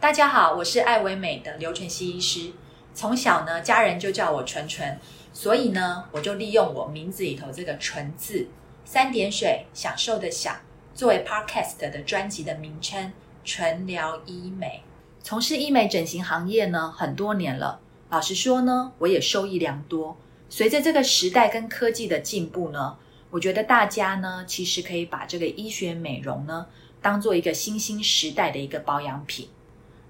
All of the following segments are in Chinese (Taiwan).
大家好，我是愛惟美的劉淳熙醫師。從小呢，家人就叫我淳淳，所以呢，我就利用我名字裡頭這個“淳”字，三點水，享受的“享”，作為 Podcast 的專輯的名稱“淳聊醫美”。從事醫美整形行業呢，很多年了。老實說呢，我也受益良多。隨着這個時代跟科技的進步呢，我覺得大家呢，其實可以把這個醫學美容呢，當做一個新興時代的一個保養品。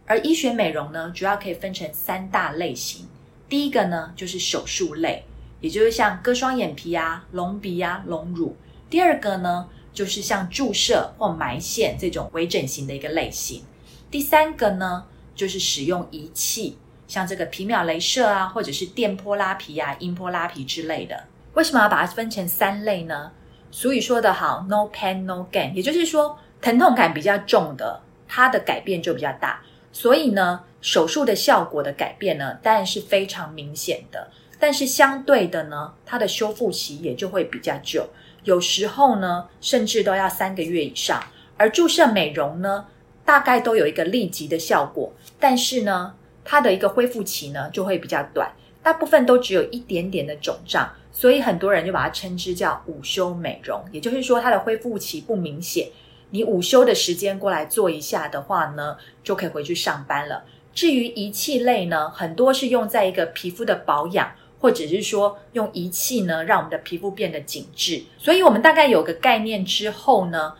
而醫學美容呢，主要可以分成三大類型。第一個呢，就是手術類，也就是像割雙眼皮啊、隆鼻啊、隆乳。第二個呢，就是像注射或埋線這種微整形的一個類型。第三個呢，就是使用儀器，像這個皮秒鐳射啊，或者是電波拉皮啊、音波拉皮之類的。為什麼要把它分成三類呢？俗話說得好，“no pain no gain”，也就是說，疼痛感比較重的，它的改變就比較大。所以呢，手術的效果的改變呢，當然是非常明顯的。但是相對的呢，它的修復期也就會比較久，有時候呢，甚至都要三個月以上。而注射美容呢，大概都有一個立即的效果，但是呢，它的一個恢復期呢，就會比較短，大部分都只有一點點的腫脹。所以很多人就把它稱之叫午休美容，也就是說它的恢復期不明顯。你午休的時間過來做一下的話呢，就可以回去上班了。至於儀器類呢，很多是用在一個皮膚的保養，或者是說用儀器呢，讓我們的皮膚變得緊緻。所以，我們大概有個概念之後呢，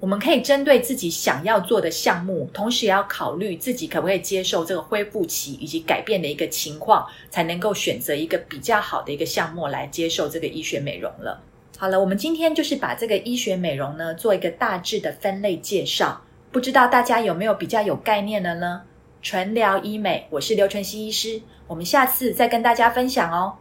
我們可以針對自己想要做的項目，同時也要考慮自己可不可以接受這個恢復期以及改變的一個情況，才能夠選擇一個比較好的一個項目來接受這個醫學美容了。好了，我們今天就是把這個醫學美容呢做一個大致的分類介紹，不知道大家有沒有比較有概念的呢？淳聊醫美，我是劉淳熙醫師，我們下次再跟大家分享哦。